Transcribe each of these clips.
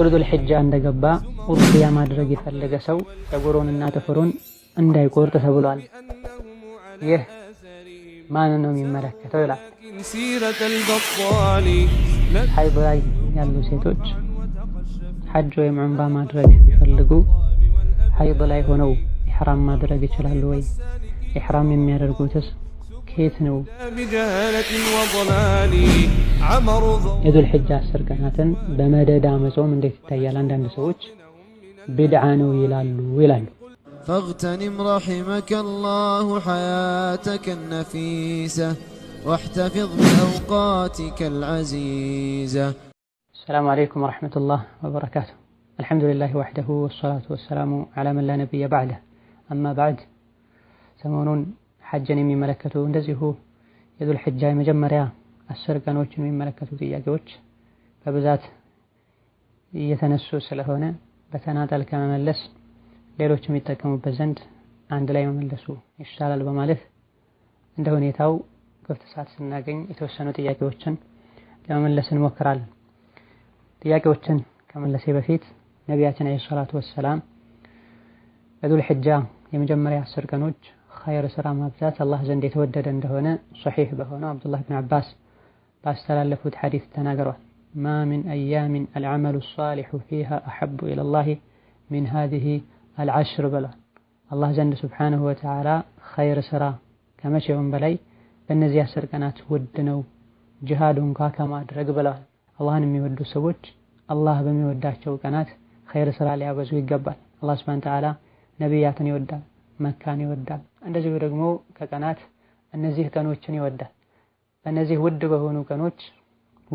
ዑርዱል ሒጃ እንደገባ ኡድሒያ ማድረግ የፈለገ ሰው ጸጉሩንና ጥፍሩን እንዳይቆርጥ ተብሏል። ይህ ማን ነው የሚመለከተው ይላል። ሀይድ ላይ ያሉ ሴቶች ሐጅ ወይም ዑምራ ማድረግ ቢፈልጉ ሀይድ ላይ ሆነው ኢሕራም ማድረግ ይችላሉ ወይ? ኢሕራም የሚያደርጉትስ كيتنو የዱል الحجة አስር بمدى በመደዳ من እንዴት ይታያል? አንዳንድ ሰዎች بدعانو ነው ይላሉ فاغتنم رحمك الله حياتك النفيسة واحتفظ بأوقاتك العزيزة السلام عليكم ورحمة الله وبركاته الحمد لله وحده والصلاة والسلام على من لا نبي بعده أما بعد ሰሞኑን ሐጅን የሚመለከቱ እንደዚሁ የዙል ሒጃ የመጀመሪያ አስር ቀኖችን የሚመለከቱ ጥያቄዎች በብዛት እየተነሱ ስለሆነ በተናጠል ከመመለስ ሌሎች የሚጠቀሙበት ዘንድ አንድ ላይ መመለሱ ይሻላል በማለት እንደ ሁኔታው ክፍት ሰዓት ስናገኝ የተወሰኑ ጥያቄዎችን ለመመለስ እንሞክራለን። ጥያቄዎችን ከመለሴ በፊት ነቢያችን ዓለይሂ ሰላቱ ወሰላም በዙል ሒጃ የመጀመሪያ አስር ቀኖች ኸይር ስራ ማብዛት አላህ ዘንድ የተወደደ እንደሆነ ሶሒህ በሆነው አብዱላህ ብን ዓባስ ባስተላለፉት ሐዲስ ተናግሯል። ማ ሚን አያሚን አልዓመሉ ሷሊሑ ፊሃ አሐቡ ኢለላሂ ሚን ሃዚሂ አልዓሽር ብሏል። አላህ ዘንድ ስብሓነሁ ወተዓላ ኸይር ስራ ከመቼውም በላይ በእነዚህ አስር ቀናት ውድ ነው ጅሃዱ እንኳ ከማድረግ ብለዋል። አላህን የሚወዱ ሰዎች አላህ በሚወዳቸው ቀናት ኸይር ስራ ሊያበዙ ይገባል። አላህ ስብሓነሁ ወተዓላ ነቢያትን ይወዳል፣ መካን ይወዳል፣ እንደዚሁ ደግሞ ከቀናት እነዚህ ቀኖችን ይወዳል። በእነዚህ ውድ በሆኑ ቀኖች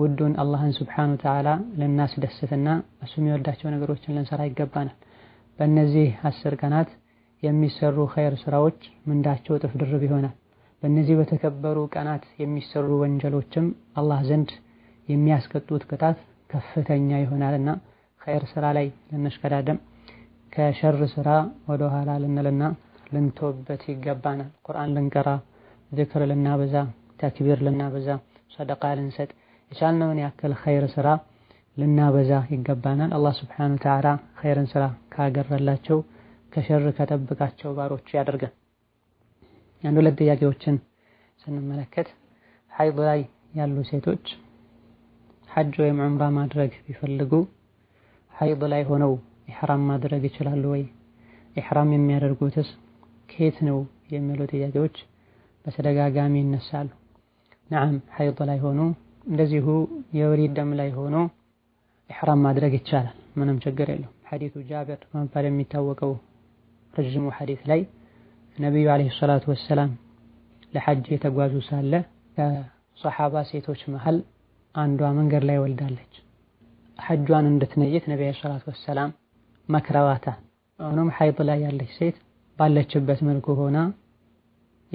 ውዱን አላህን ስብሓነሁ ወተዓላ ልናስደስትና እሱ የሚወዳቸው ነገሮችን ልንሰራ ይገባናል። በእነዚህ አስር ቀናት የሚሰሩ ኸይር ስራዎች ምንዳቸው እጥፍ ድርብ ይሆናል። በእነዚህ በተከበሩ ቀናት የሚሰሩ ወንጀሎችም አላህ ዘንድ የሚያስቀጡት ቅጣት ከፍተኛ ይሆናልና ኸይር ስራ ላይ ልንሽቀዳደም ከሸር ስራ ወደኋላ ልንልና ልንተውበት ይገባናል። ቁርአን ልንቀራ፣ ዝክር ልናበዛ፣ ተክቢር ልናበዛ፣ ሰደቃ ልንሰጥ፣ የቻልነውን ያክል ኸይር ስራ ልናበዛ ይገባናል። አላህ ስብሓነሁ ወተዓላ ኸይርን ስራ ካገረላቸው ከሸር ከጠብቃቸው ባሮቹ ያደርገን። አንድ ሁለት ጥያቄዎችን ስንመለከት ሐይድ ላይ ያሉ ሴቶች ሐጅ ወይም ዑምራ ማድረግ ቢፈልጉ ሐይድ ላይ ሆነው ኢሕራም ማድረግ ይችላሉ ወይ? ኢሕራም የሚያደርጉትስ ኬት ነው የሚሉ ጥያቄዎች በተደጋጋሚ ይነሳሉ። ነዓም ሐይድ ላይ ሆኖ እንደዚሁ የወሊድ ደም ላይ ሆኖ ኢሕራም ማድረግ ይቻላል። ምንም ችግር የለው። ሐዲቱ ጃብር በመባል የሚታወቀው ረዥሙ ሐዲት ላይ ነቢዩ ዓለይሂ ሰላቱ ወሰላም ለሐጅ የተጓዙ ሳለ ከሰሓባ ሴቶች መሃል አንዷ መንገድ ላይ ወልዳለች። ሐጇን እንድትነይት ነቢ ዓለይሂ ሰላቱ ወሰላም መክረዋታል። ሆኖም ሐይድ ላይ ያለች ሴት ባለችበት መልኩ ሆና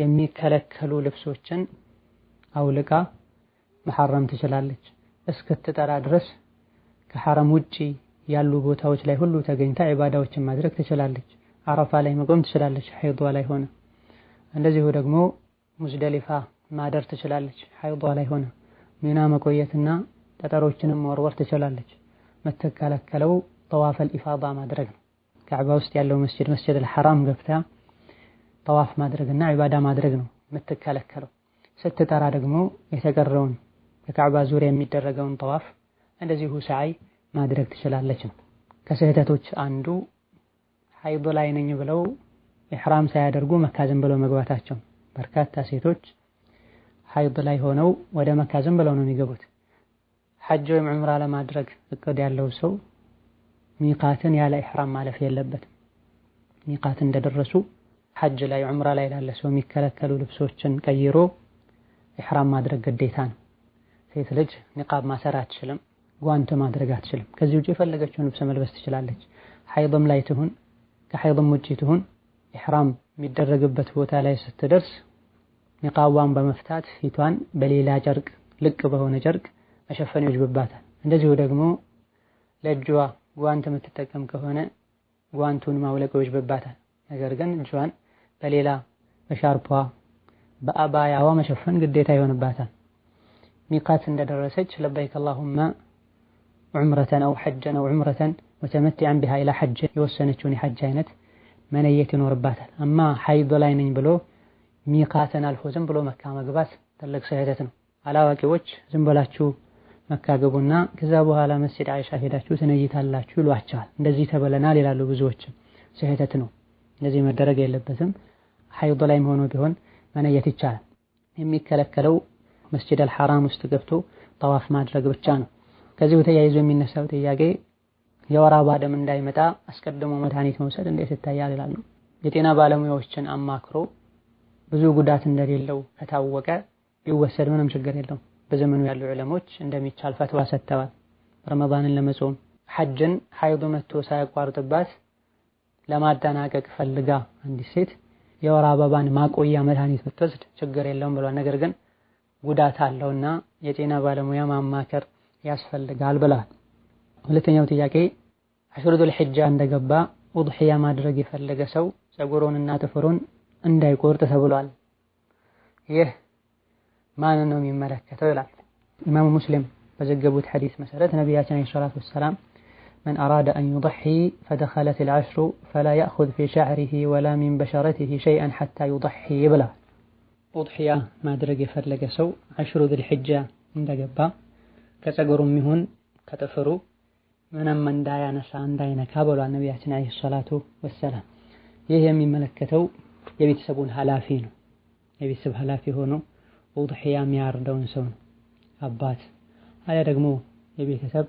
የሚከለከሉ ልብሶችን አውልቃ መሐረም ትችላለች። እስክትጠራ ድረስ ከሐረም ውጪ ያሉ ቦታዎች ላይ ሁሉ ተገኝታ ዒባዳዎችን ማድረግ ትችላለች። አረፋ ላይ መቆም ትችላለች፣ ሐይዷ ላይ ሆነ። እንደዚሁ ደግሞ ሙዝደሊፋ ማደር ትችላለች፣ ሐይዷ ላይ ሆነ። ሚና መቆየትና ጠጠሮችንም መወርወር ትችላለች። የምትከለከለው ጠዋፈል ኢፋዳ ማድረግ ነው። ካዕባ ውስጥ ያለው መስጂድ መስጂድ አልሐራም ገብታ ጠዋፍ ማድረግና ዒባዳ ማድረግ ነው የምትከለከለው። ስትጠራ ደግሞ የተቀረውን ከካዕባ ዙሪያ የሚደረገውን ጠዋፍ እንደዚሁ ሰዓይ ማድረግ ትችላለች ነው። ከስህተቶች አንዱ ሐይድ ላይ ነኝ ብለው ኢሕራም ሳያደርጉ መካ ዝም ብለው መግባታቸው። በርካታ ሴቶች ሐይድ ላይ ሆነው ወደ መካ ዝም ብለው ነው የሚገቡት። ሐጅ ወይም ዑምራ ለማድረግ እቅድ ያለው ሰው ሚቃትን ያለ ኢሕራም ማለፍ የለበትም። ሚቃት እንደደረሱ ሐጅ ላይ ዑምራ ላይ ላለ ሰው የሚከለከሉ ልብሶችን ቀይሮ ኢሕራም ማድረግ ግዴታ ነው። ሴት ልጅ ኒቃብ ማሰር አትችልም፣ ጓንት ማድረግ አትችልም። ከዚህ ውጭ የፈለገችውን ልብስ መልበስ ትችላለች። ሐይድም ላይ ትሁን፣ ከሐይድም ውጭ ትሁን ኢሕራም የሚደረግበት ቦታ ላይ ስትደርስ ኒቃቧን በመፍታት ፊቷን በሌላ ጨርቅ ልቅ በሆነ ጨርቅ መሸፈን ይወጅብባታል። እንደዚሁ ደግሞ ለእጅዋ ጓንት የምትጠቀም ከሆነ ጓንቱን ማውለቅ ይወጅብባታል። ነገር ግን እጇን በሌላ በሻርፓ በአባያዋ መሸፈን ግዴታ ይሆንባታል። ሚቃት እንደደረሰች ለበይክ አላሁመ ዑምረተን አው ሐጀን አው ዑምረተን ወተመትዐን ቢሃ ኢላ ሐጅ የወሰነችውን የሐጅ አይነት መነየት ይኖርባታል። እማ ሐይድ ላይ ነኝ ብሎ ሚቃትን አልፎ ዝም ብሎ መካ መግባት ትልቅ ስህተት ነው። አላዋቂዎች ዝም ብላችሁ መካ ገቡና ከዛ በኋላ መስጂድ አይሻ ሄዳችሁ ትነይታላችሁ ይሏቸዋል። እንደዚህ ተበለናል ይላሉ ብዙዎችም። ስህተት ነው። እንደዚህ መደረግ የለበትም። ሐይድ ላይም ሆኖ ቢሆን መነየት ይቻላል። የሚከለከለው መስጂድ አልሐራም ውስጥ ገብቶ ጠዋፍ ማድረግ ብቻ ነው። ከዚሁ ተያይዞ የሚነሳው ጥያቄ የወር አበባ ደም እንዳይመጣ አስቀድሞ መድኃኒት መውሰድ እንዴት ይታያል ይላሉ። የጤና ባለሙያዎችን አማክሮ ብዙ ጉዳት እንደሌለው ከታወቀ ይወሰድ፣ ምንም ችግር የለውም። በዘመኑ ያሉ ዕለሞች እንደሚቻል ፈትዋ ሰጥተዋል። ረመዳንን ለመጾም ሐጅን ሐይዱ መጥቶ ሳያቋርጥባት ለማጠናቀቅ ፈልጋ አንዲት ሴት የወር አበባን ማቆያ መድኃኒት ብትወስድ ችግር የለውም ብሏል። ነገር ግን ጉዳት አለውና የጤና ባለሙያ ማማከር ያስፈልጋል ብሏል። ሁለተኛው ጥያቄ አሽሩ ዙል ሒጃ እንደገባ ኡድሒያ ማድረግ የፈለገ ሰው ፀጉሩንና ጥፍሩን እንዳይቆርጥ ተብሏል። ይህ ማንን ነው የሚመለከተው ይላል ኢማሙ ሙስሊም በዘገቡት ሐዲስ መሰረት ነቢያችን አለይሂ ሰላቱ ወሰላም من أراد أن يضحي فدخلت العشر فلا يأخذ في شعره ولا من بشرته شيئا حتى يضحي بلا أضحية ما درج فرلق سو عشر ذي الحجة من دقبا كتقر مهن كتفرو من من دايا نسان داينا كابل عن نبياتنا عليه الصلاة والسلام ይህ የሚመለከተው የቤተሰቡን ኃላፊ ነው የቤተሰብ ኃላፊ ሆኖ ውድሕያ የሚያርደውን ሰው ነው አባት አለ ደግሞ የቤተሰብ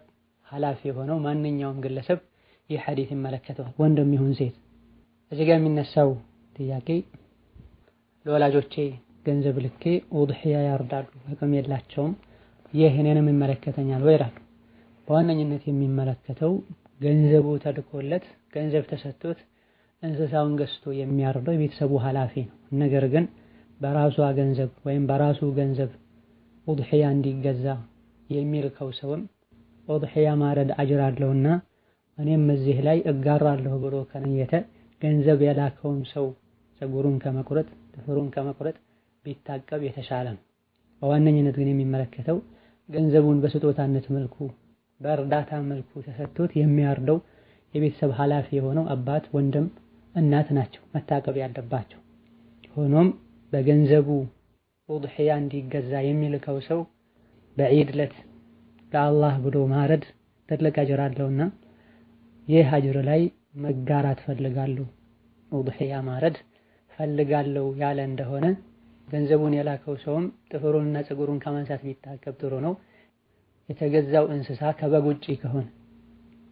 ኃላፊ የሆነው ማንኛውም ግለሰብ ይህ ሐዲት ይመለከተዋል፣ ወንድም ይሁን ሴት። እዚህ ጋር የሚነሳው ጥያቄ ለወላጆቼ ገንዘብ ልኬ ውድሕያ ያርዳሉ፣ አቅም የላቸውም፣ ይህ እኔንም ይመለከተኛል ወይ ይላሉ። በዋነኝነት የሚመለከተው ገንዘቡ ተልኮለት ገንዘብ ተሰጥቶት እንስሳውን ገዝቶ የሚያርደው የቤተሰቡ ኃላፊ ነው። ነገር ግን በራሷ ገንዘብ ወይም በራሱ ገንዘብ ኡድሕያ እንዲገዛ የሚልከው ሰውም ኡድሕያ ማረድ አጅር አለውና እኔም እዚህ ላይ እጋራለሁ ብሎ ከነየተ ገንዘብ የላከውን ሰው ፀጉሩን ከመቁረጥ ጥፍሩን ከመቁረጥ ቢታቀብ የተሻለ ነው። በዋነኝነት ግን የሚመለከተው ገንዘቡን በስጦታነት መልኩ በእርዳታ መልኩ ተሰጥቶት የሚያርደው የቤተሰብ ኃላፊ የሆነው አባት፣ ወንድም፣ እናት ናቸው መታቀብ ያለባቸው ሆኖም በገንዘቡ ኡድሕያ እንዲገዛ የሚልከው ሰው በዒድ ዕለት ለአላህ ብሎ ማረድ ትልቅ አጅር አለውና ይህ አጅር ላይ መጋራት ፈልጋለሁ። ኡድሕያ ማረድ ፈልጋለሁ ያለ እንደሆነ ገንዘቡን የላከው ሰውም ጥፍሩንና ፀጉሩን ከማንሳት ቢታቀብ ጥሩ ነው። የተገዛው እንስሳ ከበግ ውጪ ከሆነ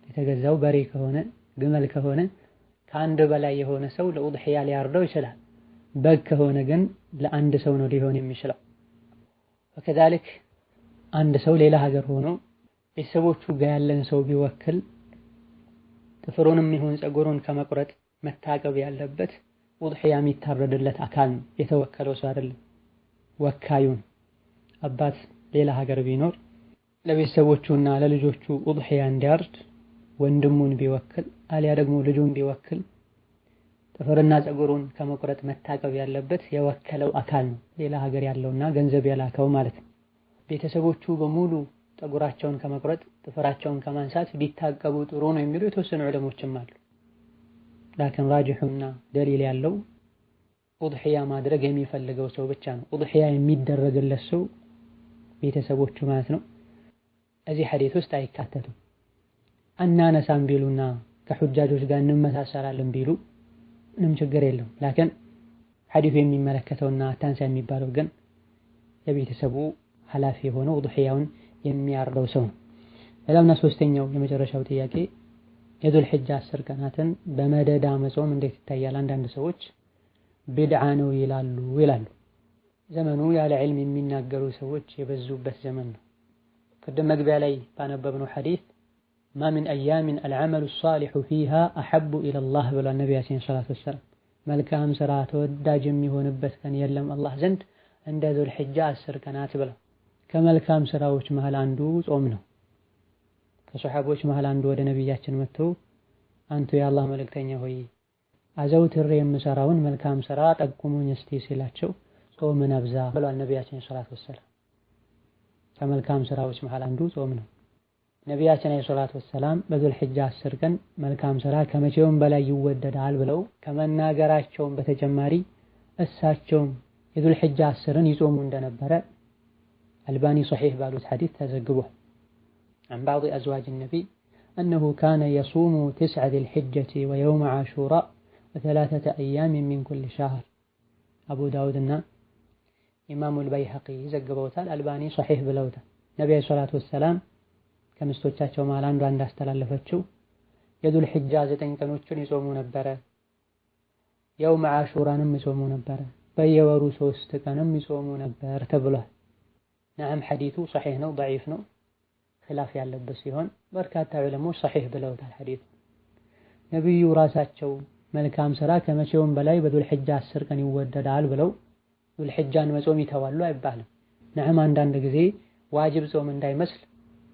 የተገዛው በሬ ከሆነ ግመል ከሆነ ከአንድ በላይ የሆነ ሰው ለኡድሕያ ሊያርደው ይችላል። በግ ከሆነ ግን ለአንድ ሰው ነው ሊሆን የሚችለው። ወከዛሊክ አንድ ሰው ሌላ ሀገር ሆኖ ቤተሰቦቹ ጋር ያለን ሰው ቢወክል ጥፍሩንም ይሁን ፀጉሩን ከመቁረጥ መታቀብ ያለበት ውድሕያ የሚታረድለት አካል ነው፣ የተወከለው ሰው አይደለም። ወካዩን አባት ሌላ ሀገር ቢኖር ለቤተሰቦቹና ለልጆቹ ውድሕያ እንዲያርድ ወንድሙን ቢወክል አሊያ ደግሞ ልጁን ቢወክል ጥፍርና ፀጉሩን ከመቁረጥ መታቀብ ያለበት የወከለው አካል ነው፣ ሌላ ሀገር ያለውና ገንዘብ የላከው ማለት ነው። ቤተሰቦቹ በሙሉ ፀጉራቸውን ከመቁረጥ ጥፍራቸውን ከማንሳት ቢታቀቡ ጥሩ ነው የሚሉ የተወሰኑ ዕለሞችም አሉ። ላኪን ራጅሑና ደሊል ያለው ኡድሕያ ማድረግ የሚፈልገው ሰው ብቻ ነው። ኡድሕያ የሚደረግለት ሰው ቤተሰቦቹ ማለት ነው። እዚህ ሐዲት ውስጥ አይካተቱም። አናነሳም ቢሉና ከሑጃጆች ጋር እንመሳሰላለን ቢሉ ምንም ችግር የለውም። ላኪን ሐዲሱ የሚመለከተውና አታንሳ የሚባለው ግን የቤተሰቡ ኃላፊ የሆነው ዱሕያውን የሚያርደው ሰው ነው። ሌላውና ሶስተኛው የመጨረሻው ጥያቄ የዙል ሒጃ አስር ቀናትን በመደዳ መጾም እንዴት ይታያል? አንዳንድ ሰዎች ቢድዓ ነው ይላሉ ይላሉ። ዘመኑ ያለ ዕልም የሚናገሩ ሰዎች የበዙበት ዘመን ነው። ቅድም መግቢያ ላይ ባነበብነው ሐዲስ ما من أيام العمل الصالح فيها أحب إلى الله ولا النبي عليه الصلاة والسلام ملك أم سرات ودا جمي هو يلم الله زند عند ذو الحجاج سر كانات بلا كملك أم سرات مهل عندوز أمنا كصحاب وش مهل عندو ودا نبي يا الله ملك تاني هوي أزوت الريم سراون ملك أم سرات أقومون يستيسي لاتشو ومن أبزا بلا النبي عليه وسلم والسلام كملك أم سرات مهل عندوز أمنا ነቢያችን አለይሂ ሰላቱ ወሰላም በዙል ሒጃ አስር ቀን መልካም ስራ ከመቼውም በላይ ይወደዳል ብለው ከመናገራቸውም በተጨማሪ እሳቸውም የዙል ሒጃ አስርን ይጾሙ እንደነበረ አልባኒ ሶሒህ ባሉት ሐዲስ ተዘግቧል። عن بعض أزواج النبي أنه كان يصوم تسعة ذي الحجة ويوم عاشوراء وثلاثة أيام من كل شهر أبو داود إمام البيهقي زقبوتال الباني صحيح بلوتا نبي عليه وسلم ከምስቶቻቸው መሃል አንዷ እንዳስተላለፈችው የዱል ሒጃ ዘጠኝ ቀኖችን ይጾሙ ነበረ። የውም አሹራንም ይጾሙ ነበረ። በየወሩ ሶስት ቀንም ይጾሙ ነበር ተብሏል። ነዓም ሐዲቱ ሰሒህ ነው፣ ደዒፍ ነው፣ ኺላፍ ያለበት ሲሆን በርካታ ዑለሞች ሰሒህ ብለውታል። ሐዲቱ ነቢዩ ራሳቸው መልካም ስራ ከመቼውም በላይ በዱል ሒጃ አስር ቀን ይወደዳል ብለው ዱል ሒጃን መጾም ይተዋሉ አይባልም። ነዓም አንዳንድ ጊዜ ዋጅብ ጾም እንዳይመስል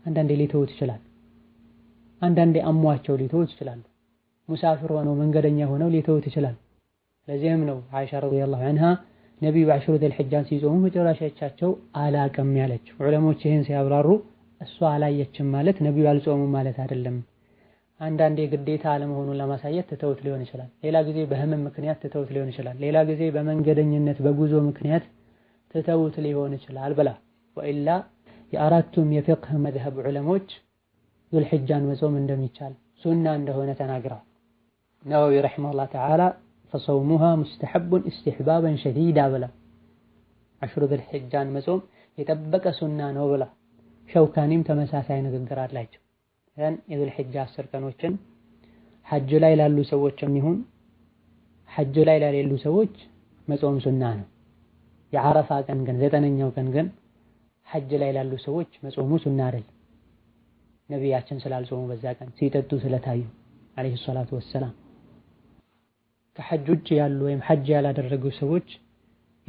አንዳንዴ ሊተውት ይችላል። አንዳንዴ አሟቸው ሊተውት ይችላሉ። ሙሳፍር ሆነው መንገደኛ ሆነው ሊተውት ይችላል። ለዚህም ነው አይሻ ረዲየላሁ ዐንሃ ነቢዩ አሽሩ ዘልሕጃን ሲጾሙ መጨረሻቸው አላቅም ያለችው። ዑለሞች ይህን ሲያብራሩ እሷ አላየችም ማለት ነቢዩ አልጾሙም ማለት አይደለም። አንዳንዴ ግዴታ አለመሆኑን ለማሳየት ትተውት ሊሆን ይችላል። ሌላ ጊዜ በህመም ምክንያት ትተውት ሊሆን ይችላል። ሌላ ጊዜ በመንገደኝነት በጉዞ ምክንያት ትተውት ሊሆን ይችላል ብላ ወኢላ የአራቱም የፊቅህ መዝሀብ ዑለሞች ዙልሕጃን መጾም እንደሚቻል ሱና እንደሆነ ተናግረዋል። ነወዊ ረሒመሁላህ ተዓላ ፈሰውሙሃ ሙስተሐቡን እስትሕባበን ሸዲዳ ብላ አሽሩ ዙልሕጃን መጾም የጠበቀ ሱና ነው ብላ ሸውካኒም ተመሳሳይ ንግግር አላቸው። ያን የዙልሕጃ አስር ቀኖችን ሐጅ ላይ ላሉ ሰዎች ይሁን ሐጅ ላይ ላሌሉ ሰዎች መጾም ሱና ነው። የዓረፋ ቀን ግን ዘጠነኛው ቀን ግን ሐጅ ላይ ላሉ ሰዎች መጾሙ ሱና አይደል። ነቢያችን ስላልጾሙ በዛ ቀን ሲጠጡ ስለታዩ አለይሂ ሰላቱ ወሰላም። ከሐጅ ውጭ ያሉ ወይም ሐጅ ያላደረጉ ሰዎች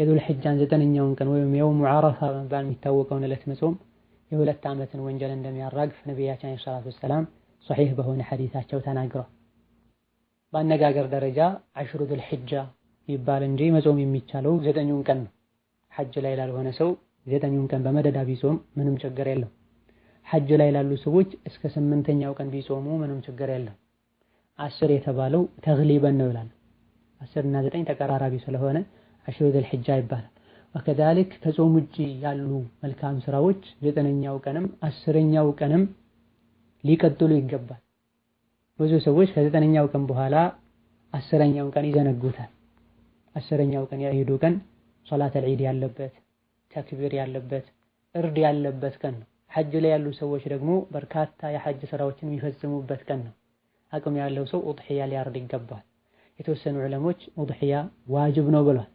የዱል ሒጃን ዘጠነኛውን ቀን ወይም የውሙ ዓረፋ በመባል የሚታወቀውን ዕለት መጾም የሁለት ዓመትን ወንጀል እንደሚያራግፍ ነቢያችን አለይሂ ሰላቱ ወሰላም ሶሒህ በሆነ ሐዲታቸው ተናግረዋል። በአነጋገር ደረጃ አሽሩ ዱል ሒጃ ይባል እንጂ መጾም የሚቻለው ዘጠኙን ቀን ነው። ሐጅ ላይ ላልሆነ ሰው ዘጠኙን ቀን በመደዳ ቢጾም ምንም ችግር የለም። ሐጅ ላይ ላሉ ሰዎች እስከ ስምንተኛው ቀን ቢጾሙ ምንም ችግር የለም። አስር የተባለው ተግሊበን ነው ይላሉ። አስር እና ዘጠኝ ተቀራራቢ ስለሆነ አሽሩ ዘል ሒጃ ይባላል። ወከዛሊክ ከጾም ውጪ ያሉ መልካም ስራዎች ዘጠነኛው ቀንም አስረኛው ቀንም ሊቀጥሉ ይገባል። ብዙ ሰዎች ከዘጠነኛው ቀን በኋላ አስረኛውን ቀን ይዘነጉታል። አስረኛው ቀን የዒዱ ቀን ሶላተል ዒድ ያለበት ተክቢር ያለበት እርድ ያለበት ቀን ነው። ሐጅ ላይ ያሉ ሰዎች ደግሞ በርካታ የሐጅ ስራዎችን የሚፈጽሙበት ቀን ነው። አቅም ያለው ሰው ኡድሒያ ሊያርድ ይገባል። የተወሰኑ ዕለሞች ኡድሒያ ዋጅብ ነው ብሏል።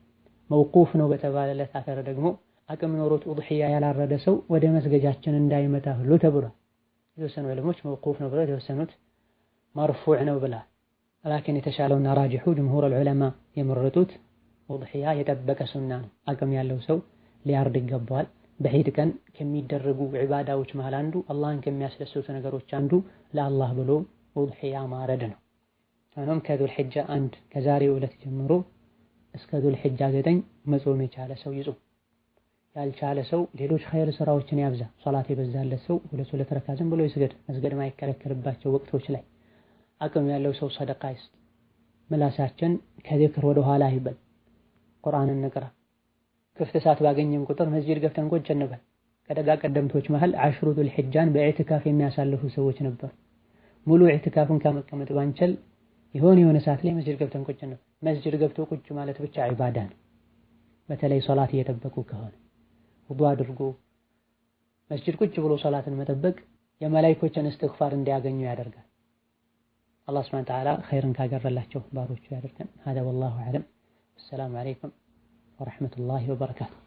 መውቁፍ ነው በተባለለት አተር ደግሞ አቅም ኖሮት ኡድሒያ ያላረደ ሰው ወደ መስገጃችን እንዳይመጣ ሁሉ ተብሏል። የተወሰኑ ዕለሞች መውቁፍ ነው ብሏል። የተወሰኑት መርፉዕ ነው ብሏል። ላኪን የተሻለውና ራጅሑ ጅምሁር አልዑለማ የመረጡት ኡድሒያ የጠበቀ ሱና ነው። አቅም ያለው ሰው ሊያርድ ይገባዋል። በሄድ ቀን ከሚደረጉ ዒባዳዎች መሃል አንዱ አላህን ከሚያስደስቱ ነገሮች አንዱ ለአላህ ብሎ ኡድሒያ ማረድ ነው። ሆኖም ከዙልሒጃ አንድ ከዛሬው ዕለት ጀምሮ እስከ ዙልሒጃ ዘጠኝ መጾም የቻለ ሰው ይጹም። ያልቻለ ሰው ሌሎች ኸይር ስራዎችን ያብዛ። ሶላት የበዛለት ሰው ሁለት ሁለት ረካ ዝም ብሎ ይስገድ፣ መስገድ ማይከለከልባቸው ወቅቶች ላይ። አቅም ያለው ሰው ሰደቃ ይስጥ። ምላሳችን ከዚክር ወደ ኋላ ይበል። ቁርአንን ንቅራ ክፍት ሰዓት ባገኘን ቁጥር መስጂድ ገብተን ቁጭ እንበል። ከደጋ ቀደምቶች መሃል አሽሩ ዙል ሒጃን በኢዕትካፍ የሚያሳልፉ ሰዎች ነበር። ሙሉ ኢዕትካፍን ከመቀመጥ ባንችል የሆነ የሆነ ሰዓት ላይ መስጂድ ገብተን ቁጭ እንበል። መስጂድ ገብቶ ቁጭ ማለት ብቻ ዒባዳ ነው። በተለይ ሶላት እየጠበቁ ከሆነ ውዱእ አድርጎ መስጂድ ቁጭ ብሎ ሶላትን መጠበቅ የመላይኮችን እስትግፋር እንዲያገኙ ያደርጋል። አላህ ሱብሓነሁ ወተዓላ ኸይርን ካገረላቸው ባሮቹ ያደርገን። ሀዛ ወላሁ አዕለም። አሰላሙ ዓለይኩም ورحمة الله وبركاته